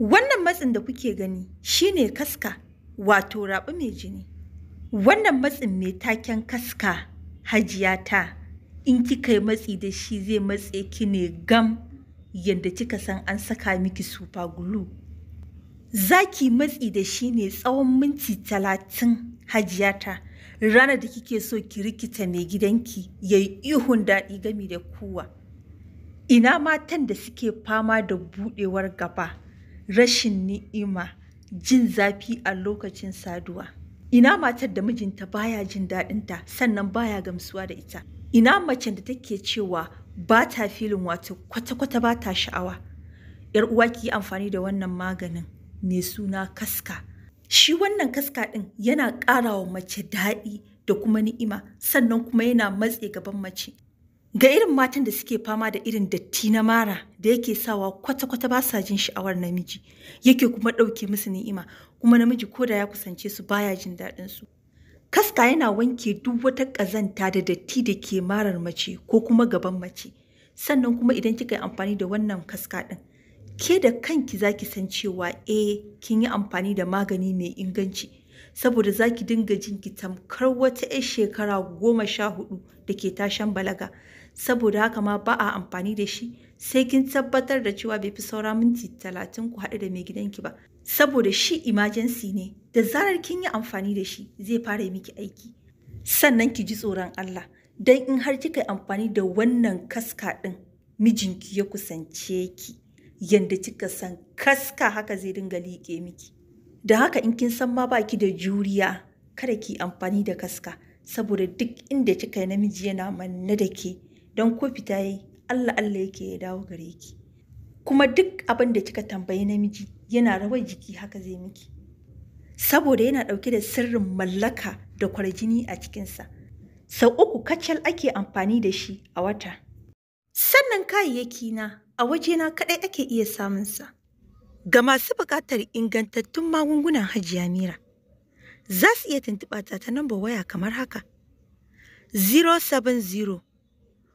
Wannan matsin da kuke gani shine kaska wato raɓi mai jini. Wannan matsin mai taken kaska Hajiyata. in kika yi matsi da shi zai matse ki ne gam yadda kika san an saka miki super glue. Za ki matsi da shi ne tsawon minti talatin Hajiyata, ranar da kike so ki rikita mai gidanki ya yi ihun daɗi gami da kowa. Ina matan da suke fama da buɗewar gaba. rashin ni'ima, jin zafi a lokacin saduwa. Ina matar da mijinta baya jin daɗinta sannan baya gamsuwa da ita. Ina macen da take cewa ba ta filin wato kwata-kwata ba ta sha'awa. ‘Yar uwa ki yi amfani da wannan maganin mai suna kaska. Shi wannan kaska ɗin yana ƙara wa mace daɗi da kuma ni'ima sannan kuma yana matse gaban mace. ga irin matan da suke fama da irin datti na mara da yake sawa kwata-kwata ba sa jin sha'awar namiji yake kuma ɗauke musu ni'ima kuma namiji ko da ya kusance su baya jin daɗin su kaska yana wanke duk wata ƙazanta da datti da ke marar mace ko kuma gaban mace sannan kuma idan kika yi amfani da wannan kaska ɗin ke da kanki za ki san cewa eh kin yi amfani da magani mai inganci saboda zaki dinga jin ki tamkar wata 'yar shekara goma sha hudu da ke tashan balaga saboda haka ma ba a amfani da shi sai kin tabbatar da cewa bai fi saura minti talatin ku haɗu da mai gidanki ba saboda shi imajensi ne da zarar kin yi amfani da shi zai fara yi miki aiki sannan ki ji tsoron Allah don in har kika yi amfani da wannan kaska ɗin mijinki ya kusance ki yanda kika san kaska haka zai dinga liƙe miki da haka in kin san ma baki da juriya kada ki amfani da kaska saboda duk inda kika yi namiji yana manne da ke don ko fita yi Allah Allah yake ya dawo gare ki kuma duk abin da kika tambayi namiji yana rawar jiki haka zai miki saboda yana ɗauke da sirrin mallaka da kwarjini a cikinsa sau uku kacal ake amfani da shi a wata sannan kayayyaki na a wajena kaɗai ake iya samunsa ga masu buƙatar ingantattun magungunan hajiya mira za su iya tuntuɓa ta ta waya kamar haka 070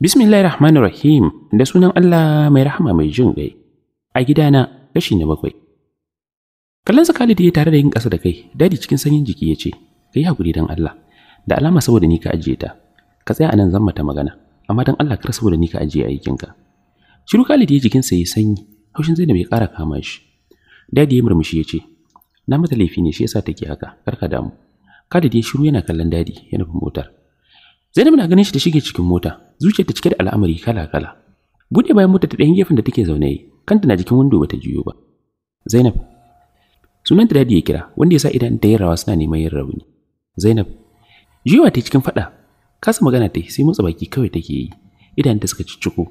Bismillahir Rahmanir Rahim da sunan Allah mai rahama mai jin gai. A gidana kashi na bakwai. Kallon sa Khalid ya tare da yin ƙasa da kai, dadi cikin sanyin jiki ya ce, Ka yi hakuri dan Allah, da alama saboda ni ka ajiye ta. Ka tsaya anan zan mata magana, amma dan Allah kar saboda ni ka ajiye ka Shiru Khalid ya jikinsa ya sanyi, haushin Zainab ya ƙara kama shi. Dadi ya murmushi ya ce, "Na mata laifi ne shi yasa take haka, kar ka damu." Khalid ya shiru yana kallon dadi yana nufi motar. Zainab na ganin shi da shige cikin mota, ta cike da al'amari kala-kala. Bude bayan mota ta ɗayan gefen da take zaune kanta na jikin wando bata juyo ba. Zainab Sunanta dadi ya kira, wanda ya sa idan ta yi rawa suna neman yin rauni. Zainab Jiwa ta cikin fada, kasa magana ta sai motsa baki kawai take yi, idan ta suka cicciko.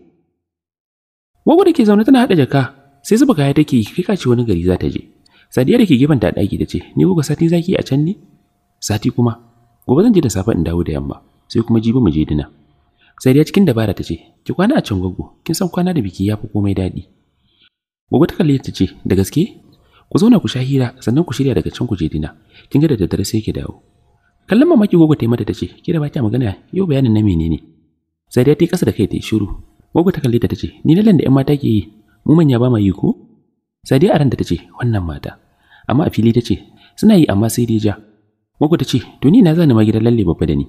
Wago da ke zaune tana haɗa jaka, sai zuba kaya take yi kai ce wani gari za ta je. Sadiya da ke gefen ta ɗaki ta ce, "Ni gobe sati zaki a can ne?" Sati kuma, gobe zan je da safe in dawo da yamma. sai kuma jibi mu je dina sai cikin dabara ta ce ki kwana a can gwaggo kin san kwana da biki yafi komai daɗi gwaggo ta kalle ta ce da gaske ku zauna ku sha hira sannan ku shirya daga can ku je dina kin ga da daddare sai ki dawo kallon mamaki gwaggo ta yi mata ta ce ki da ba magana yau bayanin na menene sai dai ta yi kasa da kai ta yi shiru gwaggo ta kalle ta ta ce ni na da 'yan mata ke yi mu manya ba ma yi ko sai dai a ranta ta ce wannan mata amma a fili ta ce suna yi amma sai dai ja Gwaggo ta ce, To ni na zani ma gidan lalle babba da ni.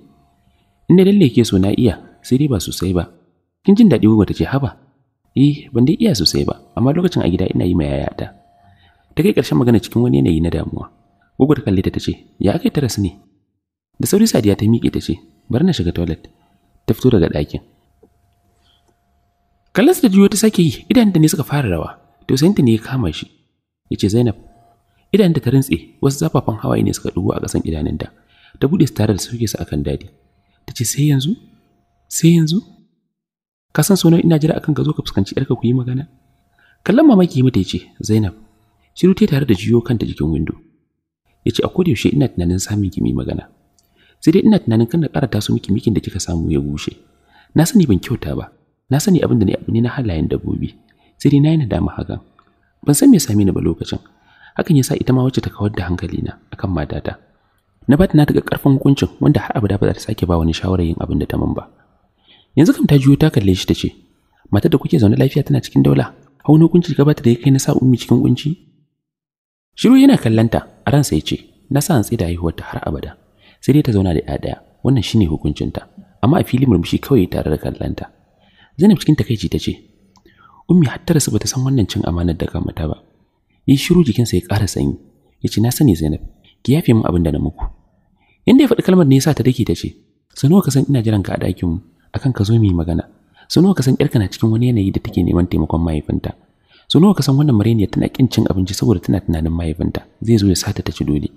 inda na ke so na iya sai dai ba sosai ba kin jin daɗi wuwa ta ce haba eh ban dai iya sosai ba amma lokacin a gida ina yi ma yayata ta kai ƙarshen magana cikin wani yanayi na damuwa gugu ta kalle ta tace ya aka tara su ne da sauri sadiya ta miƙe ta ce bari na shiga toilet ta fito daga ɗakin kallon da juyo ta sake yi idan da ne suka fara rawa ta ne ya kama shi ya ce zainab da ta rintse wasu zafafan hawaye ne suka dubu a ƙasan idanunta ta buɗe su tare da suke su akan dadi ta ce sai yanzu sai yanzu ka san sonar ina jira akan ka zo ka fuskanci yarka ku yi magana kallon mamaki mata ya ce zainab shiru ta tare da jiyo kanta jikin windo ya ce a koda yaushe ina tunanin samun ki magana sai dai ina tunanin kan na ƙara taso miki mikin da kika samu ya bushe na sani ban kyauta ba na sani abin da ne abu ne na halayen dabbobi sai dai na yi nadama hakan ban san me ya same ni ba lokacin hakan ya sa ita ma wacce ta kawar da hankalina akan matata na bata na daga karfin hukuncin wanda har abada ba za ta sake ba wani shawarar yin abin da ta mun ba yanzu kam ta juyo ta kalle shi ta ce matar da kuke zaune lafiya tana cikin daula hau ne hukunci ka bata da ya kai na sa ummi cikin kunci shiru yana kallanta a ransa ya ce na sa hantsi da ta har abada sai dai ta zauna da ɗaya wannan shine hukuncinta amma a fili murmushi kawai tare da kallanta Zainab cikin takaici ta ce Ummi har ta rasu bata san wannan cin amanar da kan mata ba yi shiru jikinsa ya ƙara sanyi Ya ce na sani Zainab ki yafe min abin da na muku Inda ya faɗi kalmar ne yasa ta dake ta ce, "Sanuwa ka san ina jiran ka a ɗakinmu, akan ka zo mu yi magana." Sanuwa ka san ƴarka na cikin wani yanayi da take neman taimakon mahaifinta. Sanuwa ka san wannan mareniya tana kin cin abinci saboda tana tunanin mahaifinta, zai zo ya sata ta ci dole.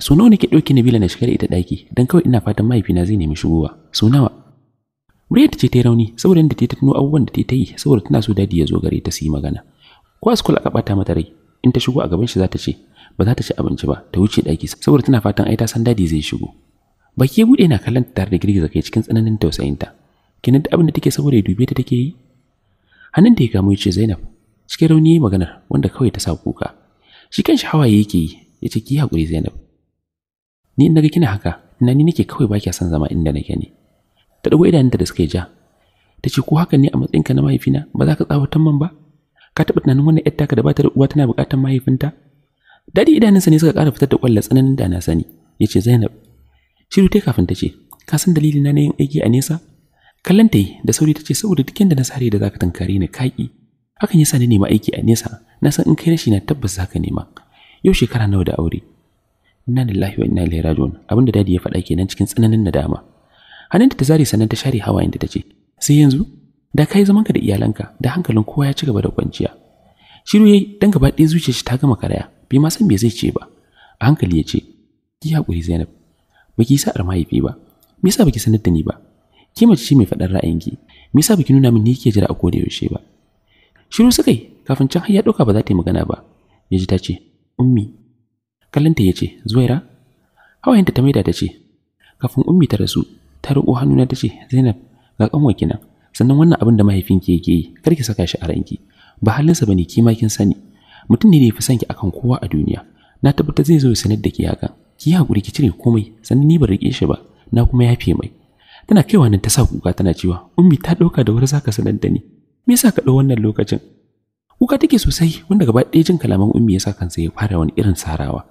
So nawa ke ɗauke Nabila na shiga da ita ɗaki, dan kawai ina fatan mahaifina zai nemi shigowa. su nawa? Muryar ta ce ta yi rauni saboda yadda ta tuno abubuwan da ta yi saboda tana so dadi ya zo gare ta su yi magana. Ko a skul a mata rai, in ta shigo a gaban shi za ta ce, ba za ta ci abinci ba ta wuce ɗaki saboda tana fatan ai ta san dadi zai shigo baki ya buɗe na kallon ta tare da girgiza kai cikin tsananin tausayinta kinan da abin da take saboda ya dube ta take yi hannun da ya kamo ya ce zainab cikin rauni ya yi maganar wanda kawai ta sa kuka shi kanshi hawaye yake yi ya ce ki haƙuri zainab ni in naga kina haka ina ni nake kawai ba kya son zama inda nake ne ta ɗago idanunta da suka ja ta ce ko haka ne a matsayinka na mahaifina ba za ka tsawatan man ba ka taɓa tunanin wannan yar taka da ba ta da uwa tana buƙatar mahaifinta Dadi idanunsa ne suka ƙara fitar da ƙwallon tsananin da na sani, ya Zainab. Shiru ta kafin ta ce, ka san dalili na yin aiki a nesa? Kallon ta yi da sauri ta ce saboda duk da na sare da zaka tankare ni kaki. Hakan yasa ni nema aiki a nesa, na san in kai na shi na tabbas zaka nema. Yau shekara nawa da aure. Inna lillahi wa inna ilaihi raji'un. Abinda dadi ya faɗa kenan cikin tsananin nadama. Hannunta ta zare sannan ta share hawayen da ta ce, sai yanzu da kai zamanka da iyalanka da hankalin kowa ya ci gaba da kwanciya. Shiru yayi dan gaba ɗaya zuciyar shi ta gama karaya. bai ma san me zai ce ba a hankali ya ce ki haƙuri zainab ba ki sa'ar mahaifi ba me yasa baki sanar da ni ba ki mace ce mai faɗar ra'ayinki me yasa baki nuna min ni kike jira a koda yaushe ba shiru suka yi kafin can har ya ɗauka ba za ta yi magana ba ya ji ta ce ummi kallanta ya ce zuwaira hawayenta ta maida ta ce kafin ummi ta rasu ta riƙo hannuna ta ce zainab ga ƙanwaki nan sannan wannan abin da mahaifinki yake yi kar ki saka shi a ranki ba halinsa bane ki kin sani mutum ne da ya fi son ki akan kowa a duniya na tabbata zai zo ya sanar da ki hakan ki hakuri ki cire komai sannan ni ba rike shi ba na kuma yafe mai tana kaiwa nan ta sa kuka tana cewa ummi ta dauka da wuri zaka sanar da ni me yasa ka dau wannan lokacin kuka take sosai wanda gaba ɗaya jin kalaman ummi ya sa kansa ya fara wani irin sarawa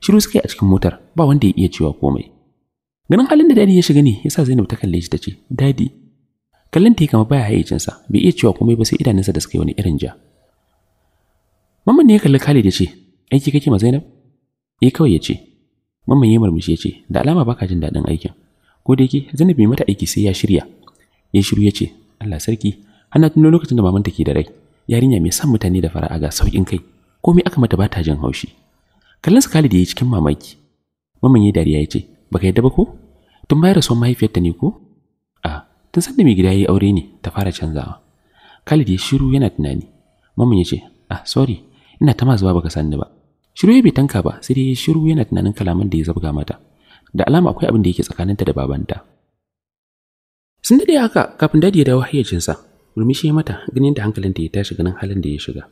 shiru suka a cikin motar ba wanda ya iya cewa komai ganin halin da dadi ya shiga ne yasa Zainab ta kalle shi ta ce dadi kallon ta kamar baya hayyacinsa bai iya cewa komai ba sai idanunsa da suka wani irin ja Mamman ne ya kalli Khalid ya ce, "Aiki kake ma Zainab?" Eh kawai ya ce. Mamman ya murmushi ya ce, "Da alama baka jin daɗin aikin." Ko da yake Zainab bai mata aiki sai ya shirya. Ya shiru ya ce, "Allah sarki, ana tuno lokacin da mamanta ke da rai. Yarinya mai san mutane da fara'a ga saukin kai. Komai aka mata ba ta jin haushi." Kallon Khalid ya yi cikin mamaki. Mamman ya dariya ya ce, "Baka yadda ba ko? Tun bayar son mahaifiyarta ne ko?" A, tun san da mai gida ya yi aure ne ta fara canzawa. Khalid ya shiru yana tunani. Mamman ya ce, "Ah, sorry, ina ta mazuwa baka sani ba shiru ya bai tanka ba sai dai shiru yana tunanin kalaman da ya zabga mata da alama akwai abin da yake tsakaninta da babanta sun dade haka kafin dadi ya dawo hayyacinsa murmushi ya mata ganin da hankalinta ya tashi ganin halin da ya shiga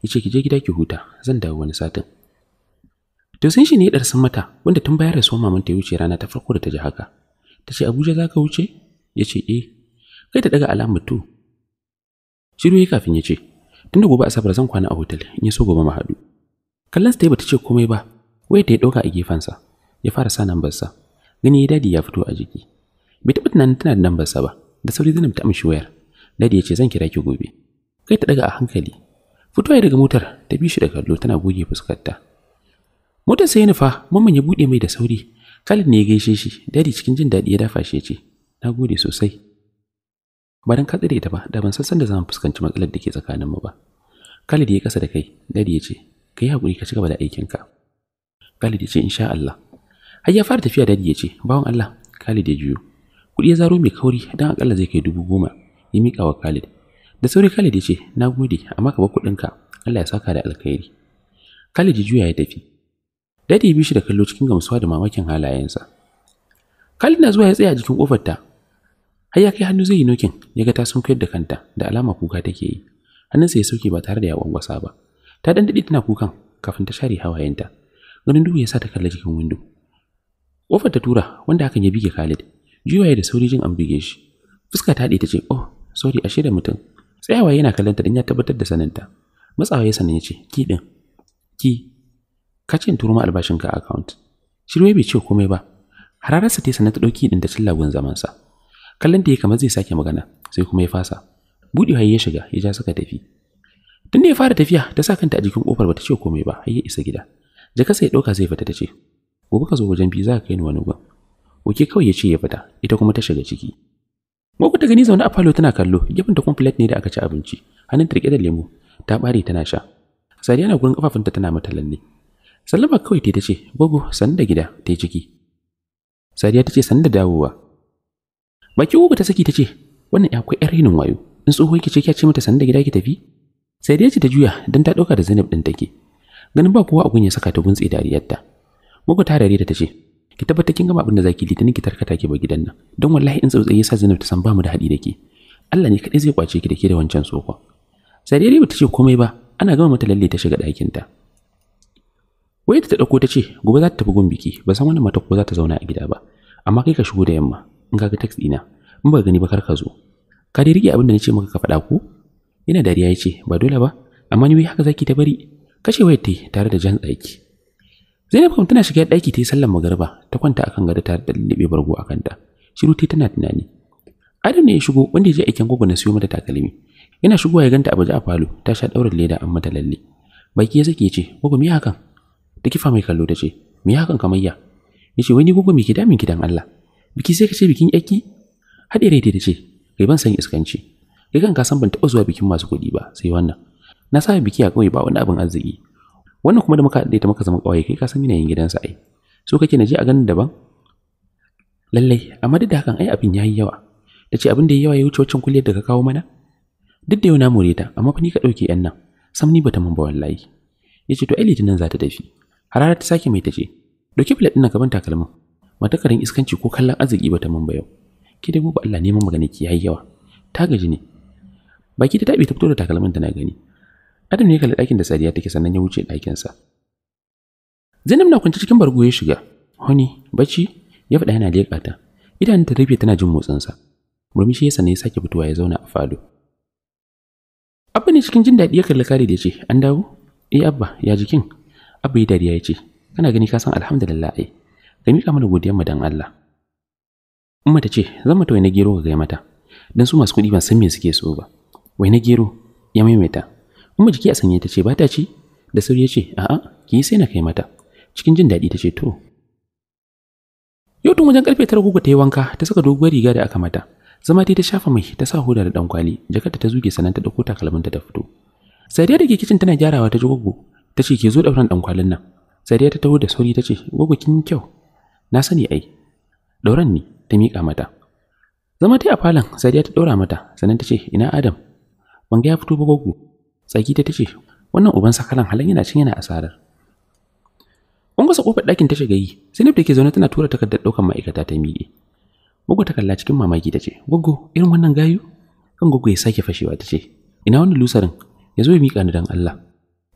yace ki je gida ki huta zan dawo wani satin to sun shi ne dar san mata wanda tun bayar da so mamanta ya wuce rana ta farko da ta ji haka ta ce abuja za ka wuce yace eh kai ta daga alamar tu shiru ya kafin ya ce tunda gobe asabar zan kwana a hotel in yaso so gobe mu haɗu kallon ta yi bata ce komai ba wai ta ya ɗauka a gefensa ya fara sa nambarsa gani ya dadi ya fito a jiki bai taɓa tunanin tana da nambarsa ba da sauri zainab ta amshi wayar dadi ya ce zan kira ki gobe kai ta daga a hankali fito ya daga motar ta bi shi da kallo tana goge fuskarta motar sai nufa mamman ya buɗe mai da sauri Khalid ne ya gaishe shi dadi cikin jin daɗi ya dafa shi ya ce na gode sosai Ba don ka tsire ta ba, da ban san da zan fuskanci matsalar da ke tsakaninmu ba. Khalid ya kasa da kai, Dadi ya ce, "Ka yi hakuri ka ci gaba da aikinka." Khalid ya ce, "Insha Allah." Har ya fara tafiya Dadi ya ce, "Bawan Allah." Khalid ya juyo. Kuɗi ya zaro mai kauri dan akalla zai kai dubu goma. Ya mika wa Khalid. Da sauri Khalid ya ce, "Na gode, amma ka bar ka Allah ya saka da alkhairi." Khalid ya juya ya tafi. Dadi ya bi shi da kallo cikin gamsuwa da mamakin halayensa. Khalid na zuwa ya tsaya a jikin kofar ta, har ya kai hannu zai yi nokin ya ga ta sunkuyar da kanta da alama kuka take yi hannunsa ya sauke ba tare da ya wangwasa ba ta dan daɗe tana kukan kafin ta share hawayenta ganin duhu ya sa ta kalla cikin windo kofar ta tura wanda hakan ya bige Khalid ya da sauri jin an bige shi fuska ta haɗe ta ce oh sorry ashe da mutum tsayawa yana kallonta don ya tabbatar da saninta matsawa ya sanin ya ce ki ɗin ki ka ce turo ma albashinka a account shirwe bai ce komai ba hararsa ta sanar ta ɗauki ɗin da cilla zaman zamansa kallon da ya kamar zai sake magana sai kuma ya fasa buɗe buɗewa ya shiga ya ja suka tafi tun da ya fara tafiya ta sa kanta a jikin kofar bata ce komai ba har ya isa gida jaka sai ya ɗauka zai fita ta ce gobe ka zo wajen biyu za ka kai ni wani gun oke kawai ya ce ya fita ita kuma ta shiga ciki gobe ta gani zaune a falo tana kallo gefen ta plate ne da aka ci abinci hannun ta rike da lemu ta ɓare tana sha Sadiya na gurin kafafunta tana mata lalle Sallama kawai ta ce gogo san da gida ta yi ciki Sadiya ta ce san da dawowa baki Uba ta saki ta ce wannan ya akwai yar rinin wayo in tsohon ki ce kya ce mata sanda gida ki tafi sai dai ce ta juya don ta ɗauka da Zainab din take ganin ba kowa a gun ya saka ta guntse dariyarta muku ta dare ta ce ki tabbata kin gama abin da zaki litinin ki tarkata ki ba gidan nan don wallahi in tsautsayi sa Zainab ta san ba mu da haɗi da ke Allah ne kadai zai kwace ki da ke da wancan tsoko." sai dai bata ce komai ba ana gama mata lalle ta shiga ta wai ta ɗauko ta ce gobe za ta tafi gun biki ba san wani mata ko za ta zauna a gida ba amma kai ka shigo da yamma in ka ga text ina. in ba gani ba kar ka zo ka dai rike abin da nace maka ka faɗa ko Ina dariya yace ba dole ba amma ni haka zaki ta bari kashe wai ta tare da jan tsaki Zainab kuma tana shiga daki ta yi sallar magariba ta kwanta akan gado tare da lallabe bargo akan ta shiru ta tana tunani Adam ne ya shigo wanda ya je aikin gogo na siyo mata takalmi yana shigowa ya ganta a baje a falo ta sha ɗaurin leda an mata lalle baki ya sake ce gogo me hakan ta kifa mai kallo ta ce me hakan kamayya yace wani gogo me ki damin gidan Allah biki sai ka ce bikin yaki haɗe rai da ce kai ban san iskanci kai kan ka san ban taɓa zuwa bikin masu kuɗi ba sai wannan na sa biki a ƙauye ba wani abin arziki wannan kuma da muka daita muka zama kawai kai ka san yanayin gidansa ai so kake na je a ganin daban lallai amma duk da hakan ai abin yayi yawa ta ce abin da yayi yawa ya wuce waccan kulliyar da ka kawo mana duk da yau na more ta amma fa ni ka dauke yan nan sam ni bata mun ba wallahi yace to ai litinin za ta tafi harara ta sake mai ta ce plate filet ɗin ka ban takalmin matakarin iskanci ko kallon arziki ba ta mun ba yau ki dai gobe Allah neman magana ki yayi yawa ta gaji ne baki ta tabe ta fito da takalmin ta na gani Adam ne kalli ɗakin da Sadiya take sannan ya wuce dakin sa Zainab na kwance cikin bargo ya shiga honi bacci ya faɗa yana leƙa ta idan ta rufe tana jin motsin sa murmushi ya sanya ya sake fitowa ya zauna a fado Abba ne cikin jin daɗi ya kalli kare da ya ce an dawo eh Abba ya jikin Abba ya dariya ya ce kana gani ka san alhamdulillah ai ka miƙa mana godiyar mu dan Allah umma ta ce zan mata wai na gero ka mata dan su masu kuɗi ba san me suke so ba wai na gero ya maimaita umma jiki a sanye ta ce ba ta ci da sauri ya ce a'a ki yi sai na kai mata cikin jin daɗi ta ce to yau tun wajen karfe tara kuka ta yi wanka ta saka doguwar riga da aka mata zama ta shafa mai ta sa hoda da ɗankwali, jakarta ta zuge sannan ta ɗauko takalminta ta fito sadiya da ke kicin tana gyarawa ta ji gugu, ta ce ke zo dauran dankwalin nan sadiya ta taho da sauri ta ce gugu kin kyau na sani ai dauran ne ta miƙa mata zama ta a falon sadiya ta ɗora mata sannan ta ce ina adam ban ga ya fito ba gogo tsaki ta ce wannan uban sakalan halin yana cin yana asarar Ungwasa kofar ɗakin ta shiga yi, Zainab da ke zaune tana tura takardar ɗaukar ma'aikata ta miƙe. Gwaggo ta kalla cikin mamaki ta ce, Goggo, irin wannan gayu? Kan gwaggo ya sake fashewa ta ce, Ina wannan lusarin, ya zo ya miƙa ni don Allah.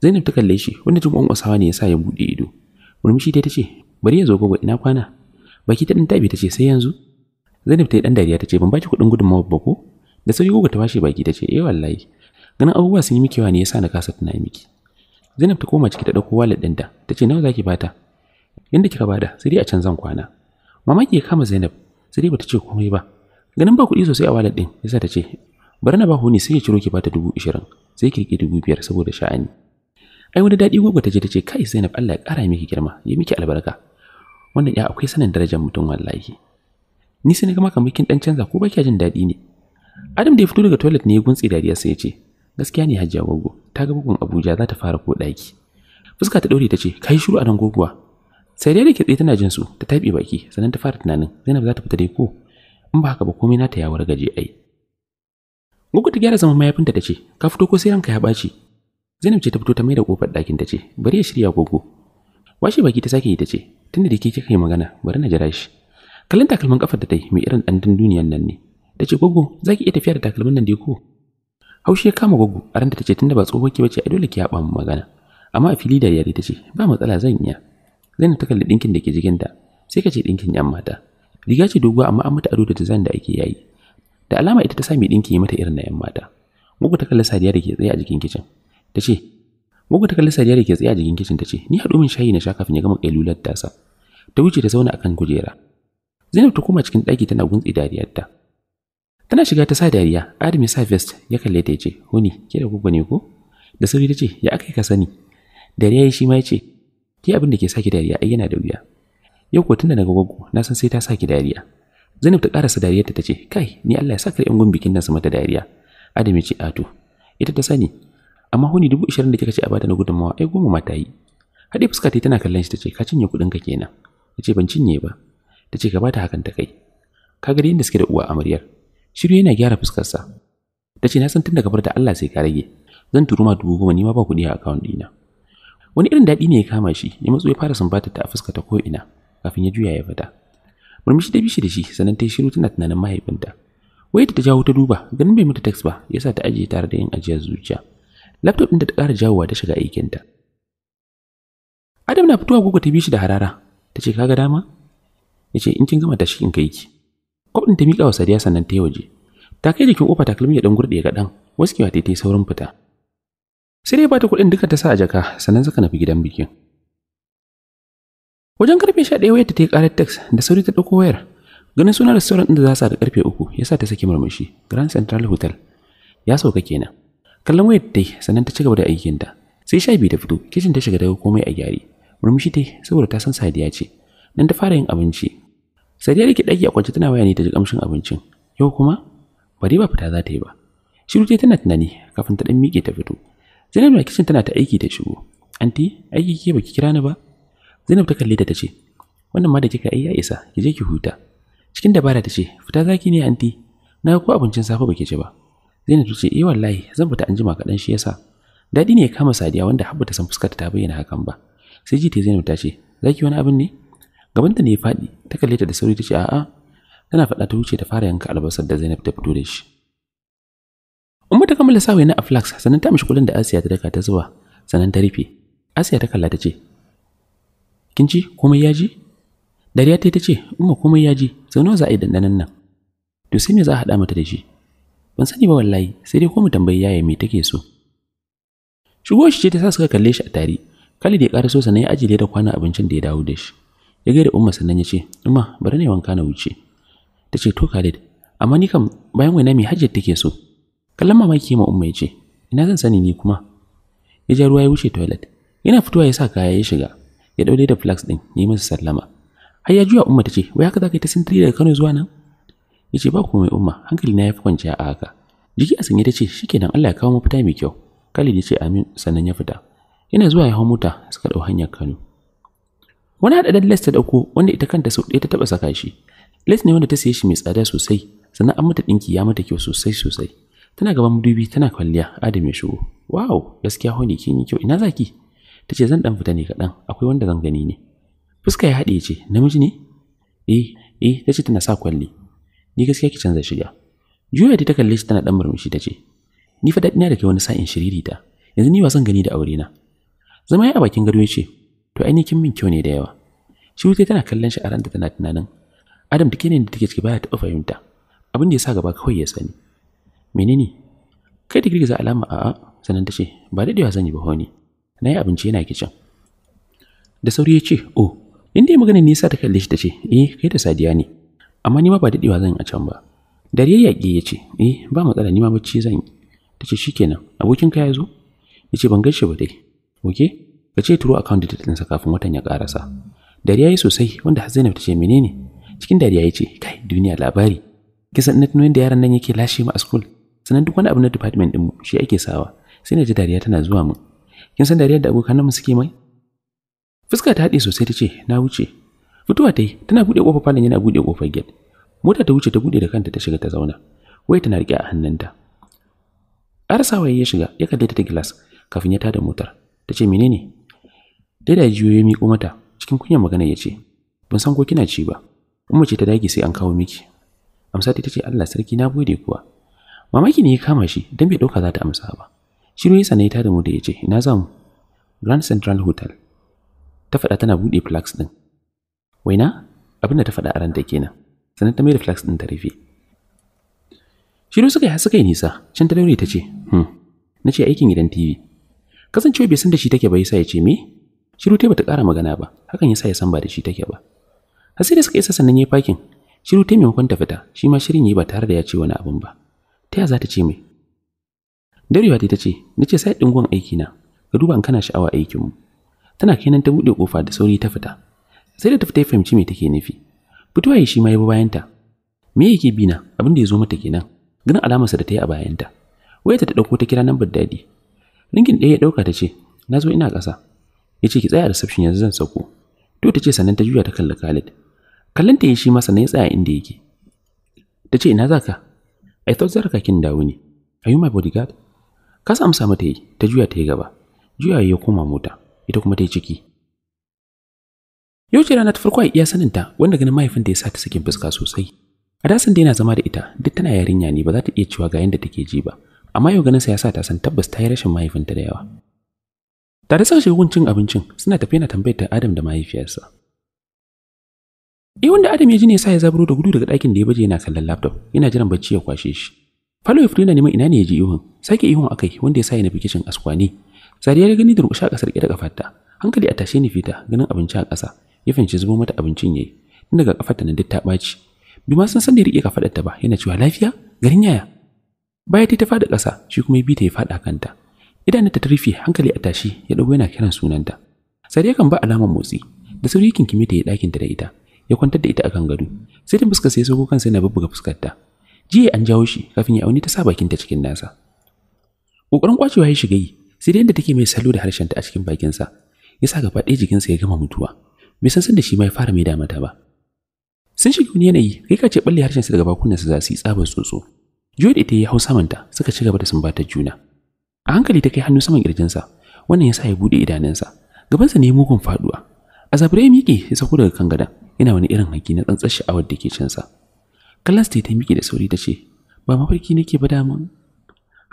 Zainab ta kalle shi, wanda jin ƙwanƙwasawa ne ya sa ya buɗe ido. Murmushi ta ce, bari ya zo gogo ina kwana baki ta dan tabi ta ce sai yanzu Zainab ta yi dan dariya ta ce ban baki kuɗin gudunmawar ba ko da sai gogo ta washe baki ta ce eh wallahi ganin abubuwa sun yi miki yawa ne yasa na kasa tunani miki Zainab ta koma ciki ta dauko wallet din ta ce nawa zaki bata yanda kika bada sai dai a can zan kwana mamaki ya kama Zainab sai dai bata ce komai ba ganin ba kuɗi sosai a wallet ɗin yasa ta ce bari na ba ni sai ya ciro ki bata dubu ishirin sai ki rike dubu biyar saboda sha'ani ai wani daɗi gogo ta je ta kai Zainab Allah ya ƙara miki girma ya miki albarka wannan ya akwai sanin darajar mutum wallahi ni sai na gama kamar kin dan canza ko baki jin daɗi ne Adam da ya fito daga toilet ne ya guntsi dariya sai ya ce gaskiya ne Hajiya Gogo ta ga bugun Abuja za ta fara ko daki fuska ta daure ta ce kai shiru a nan goguwa sai dai da kitse tana jin su ta taɓe baki sannan ta fara tunanin Zainab za ta fita dai ko in ba haka ba komai na ta ya wargaje ai Gugu ta gyara zaman mayafinta ta ce ka fito ko sai ranka ya baci Zainab ce ta fito ta mai da kofar ɗakin ta ce bari ya shirya gogo washe baki ta sake yi ta ce tunda da ke kika yi magana bari na jira shi kallon takalman kafar da ta yi mai irin ɗan duniyan nan ne ta ce gogo za ki iya tafiya da takalmin nan da ko haushi ya kama gogo a ranta ta ce tunda ba tsoho ki bace ai dole ki haɓa magana amma a fili da yare ta ce ba matsala zan iya zainab ta kalli ɗinkin da ke jikinta sai ka ce ɗinkin yan mata riga ce doguwa amma an mata ado da design da ake yayi da alama ita ta sa sami yi mata irin na yan mata gugu ta kalli sadiya da ke tsaye a jikin kicin ta Mugu ta kalli Sadiya da ke tsaye a jikin kicin ta ce, "Ni haɗu min shayi na sha kafin ya gama ƙailular tasa." Ta wuce ta zauna a kan kujera. Zainab ta koma cikin ɗaki tana guntsi dariyarta. Tana shiga ta sa dariya, Adam ya sa vest ya kalle ta ya ce, "Huni, ke da gugu ne ko?" Da sauri ta ce, "Ya aka ka sani?" Dariya ya shi ma ya ce, "Ki abin da ke saki dariya ai yana da wuya." Yau ko tunda naga gugu, na san sai ta saki dariya. Zainab ta karasa dariyarta ta ce, "Kai, ni Allah ya saka ƴan gun bikin nan su mata dariya." Adam ya ce, "Ato, ita ta sani." amma huni dubu ishirin da kika ce a bata na gudunmawa ai goma ma ta yi haɗe fuska ta tana kallon shi ta ce ka cinye kuɗinka kenan ta ce ban cinye ba ta ce ka bata hakan ta kai ka ga yadda suke da uwa amaryar shiru yana gyara fuskarsa ta ce na san tun daga farta Allah sai ka rage zan turu ma dubu goma ni ma ba kuɗi a akawun ɗina wani irin daɗi ne ya kama shi ya matso ya fara sumbata ta a fuska ta ko'ina kafin ya juya ya fita murmushi ta bishi da shi sannan ta yi shiru tana tunanin mahaifinta wai ta jawo ta duba ganin bai mata text ba yasa ta ajiye tare da yin ajiyar zuciya laptop da ta ƙara jawowa ta shiga aikinta. Adam na fitowa gogo ta bi shi da harara, ta ce ga dama? Ya ce in kin gama tashi in kai ki. Kwaf ɗin ta miƙa wa Sadiya sannan ta yi waje. Ta kai jikin ƙofa takalmi ya ɗan gurɗe wasu waskewa ta yi saurin fita. Sai dai ba ta kuɗin duka ta sa a jaka sannan suka fi gidan bikin. Wajen karfe sha ɗaya wayar ta yi ƙarar text da sauri ta ɗauko wayar. Ganin sunan restaurant ɗin da za su da karfe uku ya sa ta saki murmushi Grand Central Hotel. Ya sauka kenan. kallon wayar dai sannan ta ci gaba da aikinta sai sha biyu ta fito kicin ta shiga daga komai a gyare murmushi dai saboda ta san sadiya ce nan ta fara yin abinci sadiya da ke ɗaki a kwance tana waya ne ta ji kamshin abincin yau kuma bari ba fita za ta yi ba shiru dai tana tunani kafin ta ɗan miƙe ta fito zainab na kicin tana ta aiki ta shigo anti aiki ke baki kira ni ba zainab ta kalle ta ta ce wannan ma da kika yi ya isa ki je ki huta cikin dabara ta ce fita zaki ne anti na ko abincin safe baki ci ba Zainab ta ce eh wallahi zan fita an jima kaɗan shi yasa. Daɗi ne ya kama Sadiya wanda Habu ta san fuskarta ta bayyana hakan ba. Sai ji ta Zainab ta ce zaki wani abin ne? gaban ta ne ya faɗi ta kalle ta da sauri ta ce a'a tana faɗa ta wuce ta fara yanka albasar da Zainab ta fito da shi. Umma ta kammala sawaye na aflax sannan ta mishi kulin da Asiya ta daka ta zuba sannan ta rufe. Asiya ta kalla ta ce kin ci komai ya ji? Dariya ta ce umma komai ya ji sau za a yi dandanan nan. To sai me za a haɗa mata da shi? ban sani ba wallahi sai dai ko mu tambayi yaya me take so shigo shi ce ta sa suka kalle shi a tare Khalid ya karaso sannan ya ajiye da kwana abincin da ya dawo da shi ya gaida umma sannan ya ce umma bari ne wanka na wuce ta ce to Khalid amma ni kam bayan waina mai hajjar take so kallon mamaki ma umma ya ce ina zan sani ni kuma ya ja ruwa ya wuce toilet yana fitowa ya sa kaya ya shiga ya daure da flax din yi masa sallama har ya juya umma ta ce wai haka za ka yi ta sintiri daga Kano zuwa nan ya ce ba mai umma hankali na ya fi kwanciya a haka jiki a sanye ta ce shi shikenan Allah ya kawo mafita mai kyau Khalid ya ce amin sannan ya fita yana zuwa ya hau mota suka dau hanyar Kano wani hada les ta dauko wanda ita kanta sau ɗaya ta taba saka shi les ne wanda ta siye shi mai tsada sosai sannan an mata ɗinki ya mata kyau sosai sosai tana gaban dubi tana kwalliya adam ya shigo wow gaskiya honi kin yi kyau ina zaki ta ce zan dan fita ne kaɗan akwai wanda zan gani ne fuska ya haɗe ce namiji ne eh eh ta ce tana sa kwalli ni gaskiya ki canza shiga juya ta kalle shi tana dan murmushi ta ce ni fa na da kai wani sa'in shiririta yanzu ni ba son gani da aure na zama ya a bakin gado ya ce to ainihin min kyau ne da yawa shi wuce tana kallon shi a ranta tana tunanin adam duke ne da take ciki baya taɓa fahimta abin da ya gaba kawai ya sani menene kai da ta girgiza alama a sanan ta ce ba daɗewa zan yi ba honi na yi abinci yana kicin da sauri ya ce oh inda ya magana nisa ta kalle shi ta ce eh kai da sadiya ne amma ni ba daɗewa zan a can ba dariya yaƙi ya ce eh ba matsala ni ma bacci zan yi ta ce shikenan abokin ka ya zo ya ce ban gaishe ba dai oke ka ce turo ta details kafin watan ya karasa dariya yi sosai wanda har Zainab ta ce menene cikin dariya ya ce kai duniya labari kisa na tuno da yaran nan yake lashe mu a school sannan duk wani abu na department din mu shi ake sawa sai na ji dariya tana zuwa mu kin san dariya da abokan mu suke mai fuska ta haɗe sosai ta ce na wuce Fitowa ta yi, tana buɗe ƙofar falon yana buɗe ƙofar gate. Mota ta wuce ta buɗe da kanta ta shiga ta zauna. Wai tana riƙe a hannunta. Ƙarasawa ya shiga, ya kalle ta gilas kafin ya tada motar. Ta ce menene? Dai da jiyo ya miƙo mata cikin kunyar magana ya ce, Ban san ko kina ci ba. Umma ce ta dage sai an kawo miki. Amsa ta ce Allah sarki na bude kuwa. Mamaki ne ya kama shi dan bai ɗauka za ta amsa ba. Shiru ya sanaita da mu da ya ce, Ina za mu? Grand Central Hotel. Ta faɗa tana buɗe flags ɗin. waina abin da ta faɗa a ranta kenan sannan ta mai da flax ɗin ta rufe shiru suka yi har suka yi nisa can ta daure ta ce hmm na ce aikin gidan tv kasancewa bai san da shi take ba yasa ya ce me shiru ta bata ƙara magana ba hakan yasa ya san ba da shi take ba har sai da suka isa sannan ya fakin shiru ta maimakon ta fita shi ma shirin yi ba tare da ya ce wani abin ba ta ya za ta ce mai darewa ta ce na ce sai ɗin aiki na ka duba in kana sha'awa aikinmu tana kenan ta buɗe ƙofa da sauri ta fita sai da ta fita fahimci me take nufi fitowa ya shi ma ya bi bayanta me yake bi na abin da ya zo mata kenan ganin alamarsa da ta yi a bayanta wayarta ta dauko ta kira nan dadi ringin ɗaya ya dauka ta ce na zo ina ƙasa ya ce ki tsaya a reception yanzu zan sauko to ta ce sannan ta juya ta kalli Khalid kallon ta yi shi ma sannan ya tsaya inda yake ta ce ina zaka I thought zaka kin dawo ne are you my bodyguard kasa amsa mata yi ta juya ta yi gaba juya ya koma mota ita kuma ta yi ciki yoji rana ta farko a iya saninta wanda ganin mahaifinta ya sa ta sakin fuska sosai. A dasan da yana zama da ita duk tana yarinya ne ba za ta iya cewa ga yadda take ji ba. Amma yau ganin sa ya sa ta san tabbas ta yi rashin mahaifinta da yawa. Tare da shiga cin abincin suna tafiya na tambayar ta Adam da mahaifiyarsa. Eh wanda Adam ya ji ne sa ya zaburo da gudu daga ɗakin da ya baje yana kallon laptop yana jiran bacci ya kwashe shi. Falo yana neman ina ne ya ji ihun sake ihun akai wanda ya sa ya nufi kicin askwani zariya ya gani da a ƙasar ƙira ƙafarta, hankali a tashe ni fita ganin abinci a ƙasa, ya fahimci zubo mata abincin yayi tun daga ta ta duk ta ɓaci bi ma san san da ya riƙe ta ba yana cewa lafiya garin yaya baya ta faɗi ƙasa shi kuma ya bi ta ya faɗa kanta idan ta rufe hankali a tashi ya dago yana kiran sunanta sai dai kan ba alamar motsi da sauri yakin kime ta ya ɗakin ta da ita ya kwantar da ita akan gado sai da fuskar sai sauko kansa yana bubbuga fuskar ta jiya an jawo shi kafin ya auni ta sa bakin ta cikin nasa kokarin ƙwacewa ya shiga yi sai da yadda take mai salo da harshenta a cikin bakin ya sa gaba ɗaya jikinsa ya gama mutuwa bai san sanda shi ma ya fara mai damata ba sun shiga wani yanayi kai ka ce balle harshen su daga bakunan su za su yi tsabar tsotso Jodi ta yi hausa manta suka ci gaba da sumbatar juna a hankali ta kai hannu saman kirjinsa wannan ya sa ya bude idanunsa gabansa ne mugun faduwa a zabure miƙe ya sako daga kan gadan yana wani irin haki na tsantsar sha'awar da ke cinsa kallon ta yi miƙe da sauri ta ce ba mafarki nake ba damun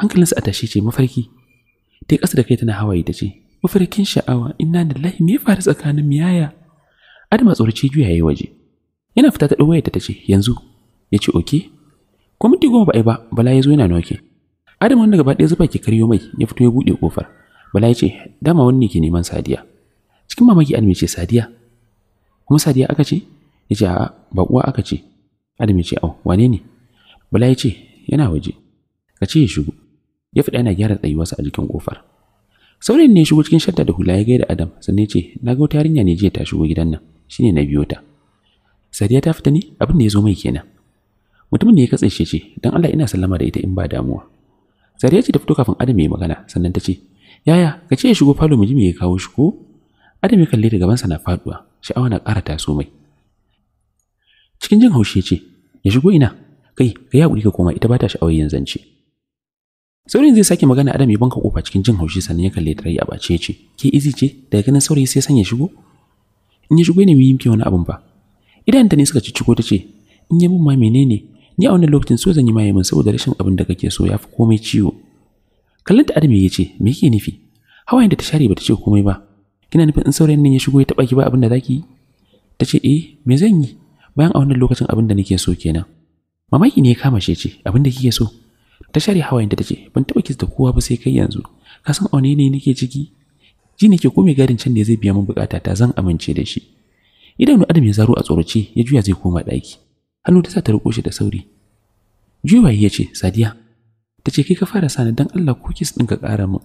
hankalinsa a tashe ce mafarki ta yi ƙasa da kai tana hawaye ta ce mafarkin sha'awa inna lillahi me ya faru tsakanin miyaya adama tsoraci juya juya yayi waje. Yana fita ta ɗau wayarta ta ce, "Yanzu." Ya ce, "Oke." kwamiti goma ba ai ba, Bala ya zo yana nokin. adama wanda gaba ɗaya zuba ke karyo mai ya fito ya buɗe kofar. Bala ya ce, "Dama wani ne ke neman Sadiya." Cikin mamaki Adam ce, "Sadiya?" Kuma Sadiya aka ce? Ya ce, "A'a, ba uwa aka ce." Adam ce, "Au, wane ne?" Bala ya ce, "Yana waje." Ka ce ya shigo. Ya fada yana gyara tsayuwarsa a jikin kofar. Saurayin ne ya shigo cikin shadda da hula ya gaida Adam sannan ya ce, "Na ga wata yarinya ne jiya ta shigo gidan nan." shine na biyo ta sadiya ta fita ne abin da ya zo mai kenan mutumin da ya katse shi ce dan Allah ina sallama da ita in ba damuwa sadiya ce ta fito kafin adam ya magana sannan ta ce yaya ka ce ya shigo falo mu ji me ya kawo shi ko adam ya kalle ta sa na faduwa sha'awa na ƙara taso mai cikin jin haushi ya ce ya shigo ina kai ka yi haƙuri ka koma ita ba ta sha'awar yin zance saurin zai sake magana adam ya banka kofa cikin jin haushi sannan ya kalle ta rai a bace ce ke izi ce daga ganin saurayi sai san ya shigo in ya shigo ne mu yimke wani abin ba idan ta ne suka ciko ta ce in ya mun ma menene ni a wannan lokacin so zan yi maye saboda rashin abin da kake so yafi komai ciwo kallon ta ya ce me yake nufi hawayen da ta share ta ce komai ba kina nufin in saurayin nan ya shigo ya taba ki ba abin da zaki yi ta ce eh me zan yi bayan a wannan lokacin abin da nake so kenan mamaki ne ya kama shi ce abin da kike so ta share hawayenta ta ce ban taba kisa da kowa ba sai kai yanzu ka san aune ne nake ciki ji nake ko mai gadin can da zai biya min bukata ta zan amince da shi idanu adam ya zaro a tsorace ya juya zai koma ɗaki hannu ta sa ta riko shi da sauri juwa ya ce sadiya ta ce kai ka fara sani dan allah ko din ka kara mun.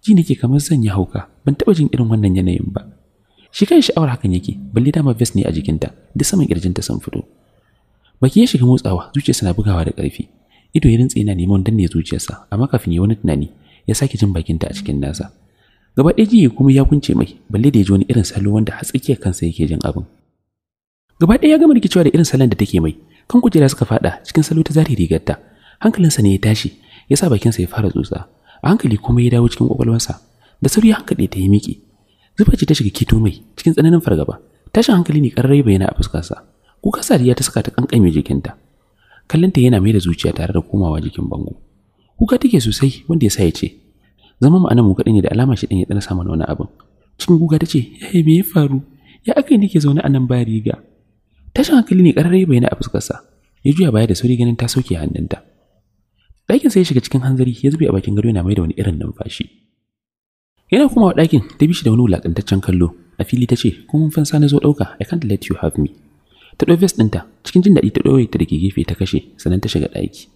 ji nake kamar zan yi hauka ban taɓa jin irin wannan yanayin ba shi kan sha'awar hakan yake balle dama vest ne a jikinta duk saman kirjinta sun fito baki ya shiga motsawa zuciyarsa na bugawa da ƙarfi ido ya rintse yana neman danne zuciyarsa amma kafin ya wani tunani ya sake jin bakinta a cikin nasa gaba ɗaya jiye kuma ya kunce mai balle da ya ji wani irin salo wanda har tsakiyar kansa yake jin abin gaba ɗaya ya gama rikicewa da irin salon da take mai kan kujera suka faɗa, cikin salo ta zari rigarta hankalinsa ne ya tashi ya sa bakinsa ya fara tsotsa a hankali kuma ya dawo cikin kwakwalwarsa da sauri ya hankaɗe ta yi miƙe zufa ce ta shiga kito mai cikin tsananin fargaba tashin hankali ne ƙarrai yana a fuskarsa kuka Sadiya ta saka ta kankame jikinta kallonta yana mai da zuciya tare da komawa jikin bango kuka take sosai wanda ya sa ya ce zama mu anan mu kaɗai ne da alama shi ɗin ya ɗan sa mana wani abin cikin guga ta ce ya eh, me ya faru ya aka yi nake zaune a nan ba riga tashin hankali ne ƙararrai bayyana a fuskarsa ya juya baya da sauri ganin ta soke hannunta ɗakin sai ya shiga cikin hanzari ya zube a bakin gado yana mai da wani irin numfashi yana kuma wa ɗakin ta bi shi da wani wulaƙantaccen kallo a fili ta ce kuma mun fansa na zo ɗauka I can't let you have me ta ɗau vest ɗinta cikin jin daɗi ta ɗau ta da ke gefe ta kashe sannan ta shiga ɗaki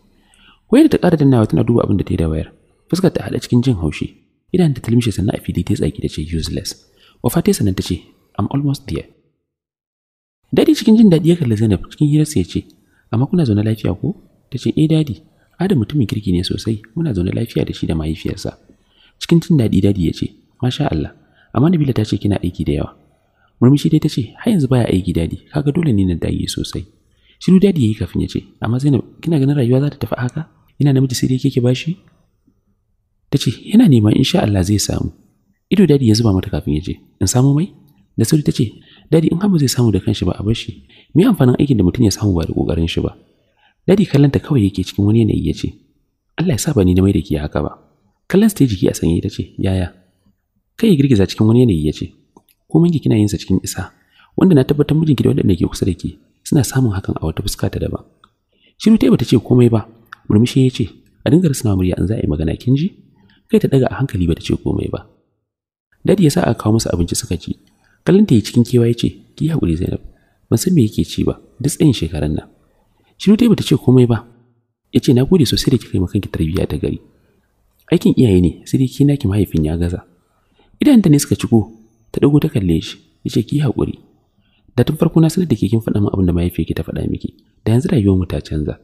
wayar ta ƙara dannawa tana duba abin da ta yi da wayar fuskar ta hada cikin jin haushi idan ta tilmishe sannan a fili ta tsaki ta ce useless wafa ta sannan ta ce i'm almost there dadi cikin jin daɗi ya kalli zainab cikin hirarsa ya ce amma kuna zaune lafiya ko ta ce eh dadi adam mutumin kirki ne sosai muna zaune lafiya da shi da mahaifiyarsa cikin jin daɗi dadi ya ce masha Allah amma Nabila ta ce kina aiki da yawa murmushi dai ta ce har yanzu baya aiki dadi kaga dole ne na dage sosai shiru dadi yayi kafin ya ce amma Zainab kina ganin rayuwa za ta tafi haka ina namiji sai dai kike bashi ta ce yana nema sha Allah zai samu ido dadi ya zuba mata kafin ya je in samu mai da sauri ta ce dadi in hamu zai samu da kanshi ba a bashi, me amfanin aikin da mutum ya samu ba da kokarin shi ba dadi ta kawai yake cikin wani yanayi ya ce Allah ya sa ba ni da mai da ke haka ba kallon ta jiki a sanye ta ce yaya kai girgiza cikin wani yanayi ya ce ko ki kina yin sa cikin isa wanda na tabbatar mijinki da wanda ke kusa da ke suna samun hakan a wata fuska ta daban shiru ta bata ce komai ba murmushi ya ce a dinga rasa murya an za a yi magana kin ji kai ta daga a hankali ba ta ce komai ba dadi ya sa aka kawo masa abinci suka ci kallon ta yi cikin kewa ya ce ki haƙuri zainab ban san me yake ci ba duk tsayin shekaran nan shiru dai bata ce komai ba ya ce na gode sosai da kika yi makanki tarbiyya ta gari aikin iyaye ne sai dai kina ki mahaifin ya gaza idan ta ne suka ciko ta dago ta kalle shi ya ce ki haƙuri da tun farko na sanar da ke kin faɗa min abin da mahaifiyarki ta faɗa miki da yanzu rayuwar mu ta canza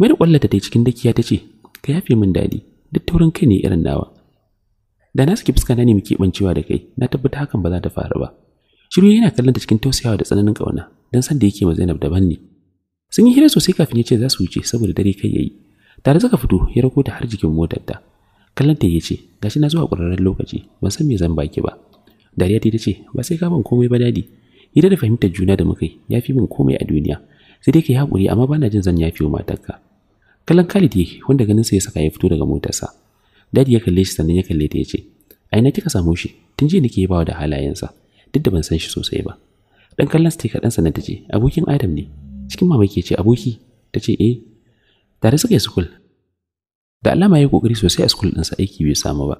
mai da kwallata ta cikin dakiya ta ce ka yafe min dadi duk taurin kai ne irin nawa da na saki fuskanta ne nemi keɓancewa da kai na tabbata hakan ba za ta faru ba shiru yana kallon ta cikin tausayawa da tsananin ƙauna don san da yake ma Zainab daban ne sun yi hira sosai kafin ya ce za su wuce saboda dare kai yayi tare suka fito ya rako ta har jikin motar ta kallon ta yace gashi na zuwa ƙurarren lokaci ban san me zan baki ba dariya ta ce ba sai ka ban komai ba dadi hira da fahimtar juna da muka yi ya fi min komai a duniya sai dai ka yi haƙuri amma na jin zan yafi wa matarka kallon Khalid yake wanda ganin sa ya saka ya fito daga motarsa dadi ya kalle shi sannan ya kalle ta yace a ina kika samu shi tun jiya nake bawa da halayensa duk da ban san shi sosai ba dan kallon sa kaɗan sannan tace abokin Adam ne cikin mamaki ya ce aboki tace eh tare suka yi sukul da alama ya kokari sosai a sukul ɗinsa aiki bai samu ba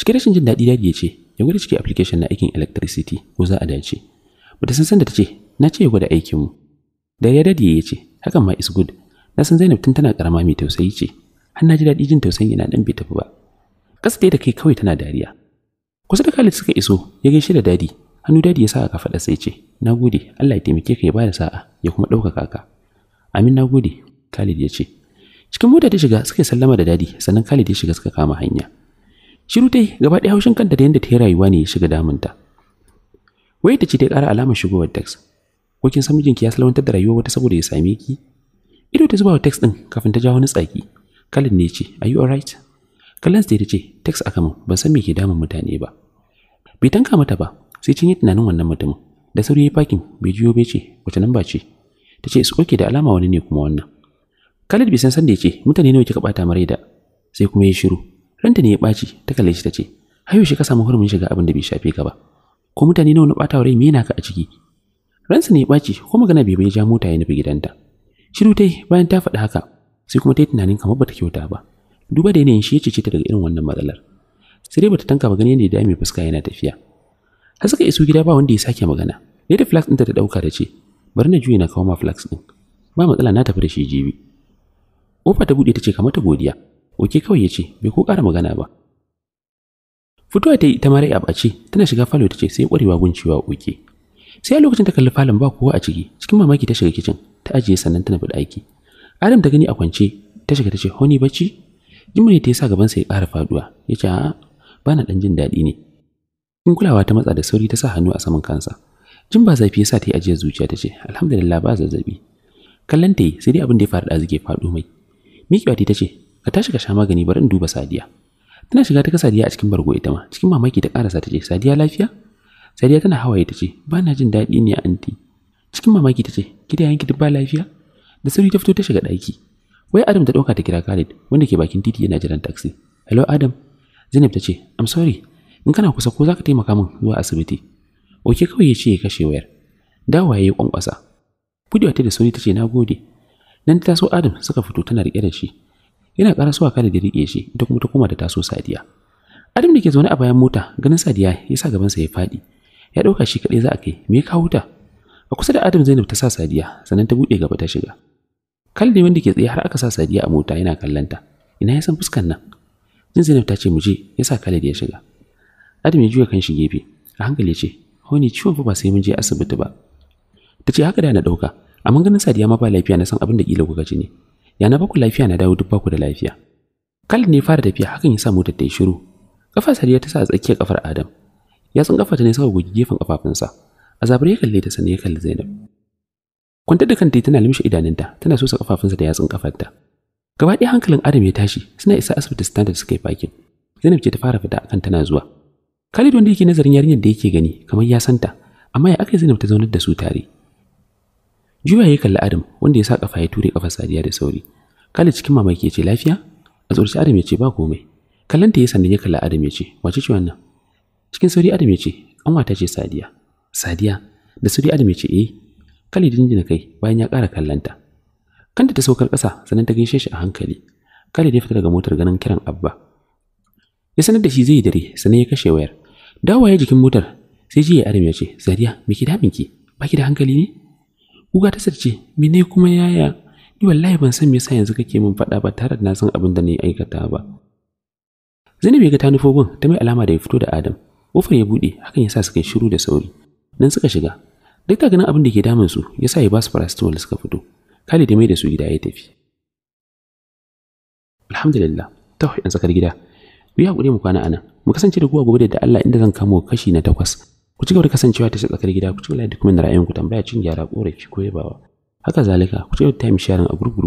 cikin rashin jin dadi dadi ya ce ya gwada cikin application na aikin electricity ko za a dace bata san san da tace na ce ya gwada aikin mu da ya dadi ya ce hakan ma is good na san Zainab tun tana karama mai tausayi ce har na ji daɗi jin tausayin yana dan bai tafi ba kasa da kai kawai tana dariya kusa da Khalid suka iso ya gaishe da dadi hannu dadi ya sa aka faɗa sai ce nagode Allah ya taimake ka ya bada sa'a ya kuma ɗaukaka ka amin na gode, Khalid ya ce cikin mota ta shiga suka sallama da dadi sannan Khalid ya shiga suka kama hanya shiru tai gaba ɗaya haushin kanta da yadda ta yi rayuwa ne ya shiga damunta wai ta ce ta ƙara alamar shigowar tax ko kin san mijinki ya salwantar da rayuwar wata saboda ya same ki ido ta zuba wa text din kafin ta ja wani tsaki kalin ne ce are you alright kallon sai ta ce text aka min ban san me ke damun mutane ba bai tanka mata ba sai cinye tunanin wannan mutumin da sauri ya fakin bai juyo bai ce wace nan ba ce ta ce su oke da alama wani ne kuma wannan Khalid bai san san da ya ce mutane nawa kika bata mare da sai kuma ya shiru ranta ne ya baci ta kalle shi ta ce hayo shi ka samu hurumin shiga abin da bai shafe ka ba ko mutane nawa na bata rai me yana ka a ciki ransa ne ya ɓaci ko magana bai bai ja mota ya nufi gidanta Shiru ta yi bayan ta faɗi haka, sai kuma ta yi tunanin kamar ta kyauta ba. Duba da yanayin shi ya cece ta daga irin wannan matsalar. Sai dai bata tanka ba ganin yadda ya mai fuska yana tafiya. Har suka iso gida ba wanda ya sake magana. Ne da Flax ɗinta ta ɗauka da ce, bari na juya na kawo ma Flax ɗin. Ba matsala na tafi da shi jibi. Kofa ta buɗe ta ce kamar ta godiya. Oke kawai ya ce, bai ko ƙara magana ba. Fitowa ta yi ta mara a ce tana shiga falo ta ce sai ƙwarewa guncewa oke. Sai a lokacin ta kalli falon ba kowa a ciki, cikin mamaki ta shiga kicin, ta ajiye sannan ta nufi aiki. adam ta gani a kwance ta shiga ta ce honi bacci jimre ta yi yasa gaban ya ƙara faduwa ya ce a'a ba na ɗan jin daɗi ne in kulawa ta matsa da sauri ta sa hannu a saman kansa jin ba zafi sa ta yi ajiyar zuciya ta ce alhamdulillah ba zazzabi kallon ta yi sai dai abin da ya faru da zike faɗo mai miƙewa ta ce ka tashi ka sha magani bari in duba sadiya tana shiga ta ga sadiya a cikin bargo ita ma cikin mamaki ta ƙarasa ta ce sadiya lafiya sadiya tana hawaye ta ce ba na jin daɗi ne anti cikin mamaki ta ce ki yanki duk ba lafiya da sauri ta fito ta shiga ɗaki wai adam ta ɗauka ta kira khalid wanda ke bakin titi yana jiran taxi hello adam zainab ta ce i'm sorry in kana kusa ko za ka taimaka min zuwa asibiti oke kawai ya ce ya kashe wayar dawa ya yi kwankwasa budewa ta da sauri ta ce na gode nan ta taso adam suka fito tana riƙe da shi yana ƙara suwa kada da riƙe shi ita kuma ta koma da taso sadiya adam da ke zaune a bayan mota ganin sadiya ya sa gabansa ya faɗi ya ɗauka shi kaɗai za a kai me ya kawo ta A kusa da Adam Zainab ta sa Sadiya, sannan ta buɗe gaba ta shiga. Kalli wanda ke tsaye har aka sa Sadiya a mota yana kallanta. Ina ya san fuskan nan? Jin Zainab ta ce mu je, ya sa Khalid ya shiga. Adam ya juya kan shi gefe, a hankali ya ce, ne ciwon fa ba sai mun je asibiti ba." Ta ce haka da na ɗauka, amma ganin Sadiya ma ba lafiya na san abin da kila kuka ji ne. Ya na baku lafiya na dawo duk baku da lafiya. Khalid ne fara tafiya hakan ya sa motar ta yi shiru. Kafa Sadiya ta sa a tsakiyar kafar Adam. Ya tsin kafa ta ne suka gogi gefen kafafunsa. a ya kalle ta sani ya kalli Zainab Kwantar da kanta tana limshe idanunta tana sosa kafafunsa da yatsun kafarta gaba ɗaya hankalin Adam ya tashi suna isa asibiti standard suka yi fakin Zainab ce ta fara fita akan tana zuwa Khalid wanda yake nazarin yarinyar da yake gani kamar ya santa amma ya aka Zainab ta zaunar da su tare Juya ya kalli Adam wanda ya sa kafa ya ture kafar Sadiya da sauri Khalid cikin mamaki ya ce lafiya a tsorci Adam ya ce ba komai kallanta ya sannan ya kalli Adam ya ce wace ce wannan cikin sauri Adam ya ce an ce Sadiya Sadiya da Suri Adam ya ce eh da jinjina kai bayan ya ƙara kallanta kanta ta saukar kasa sannan ta gaishe shi a hankali Khalid ya fita daga motar ganin kiran Abba ya sanar da shi zai dare sannan ya kashe wayar dawa ya jikin motar sai jiya adami ya ce Sadiya me ki damin ki ba ki da hankali ne kuga ta sarce ne kuma yaya ni wallahi ban san me yasa yanzu kake min faɗa ba tare da na san abin da na aikata ba Zainab ya ga ta nufo ta mai alama da ya fito da Adam. Kofar ya buɗe, hakan ya sa suka yi shiru da sauri. nan suka shiga duk da ganin abin da ke damun su ya sa ya ba su parastol suka fito Khalid ya mai da su gida ya tafi alhamdulillah ta yan tsakar gida ku yi hakuri mu kwana anan mu kasance da kowa gobe da Allah inda zan kamo kashi na takwas ku ci gaba da kasancewa ta tsakar gida ku ci gaba da kuma ra'ayin ku tambaya cin gyara korafi ko yabawa haka zalika ku ci gaba da time sharing a gurguru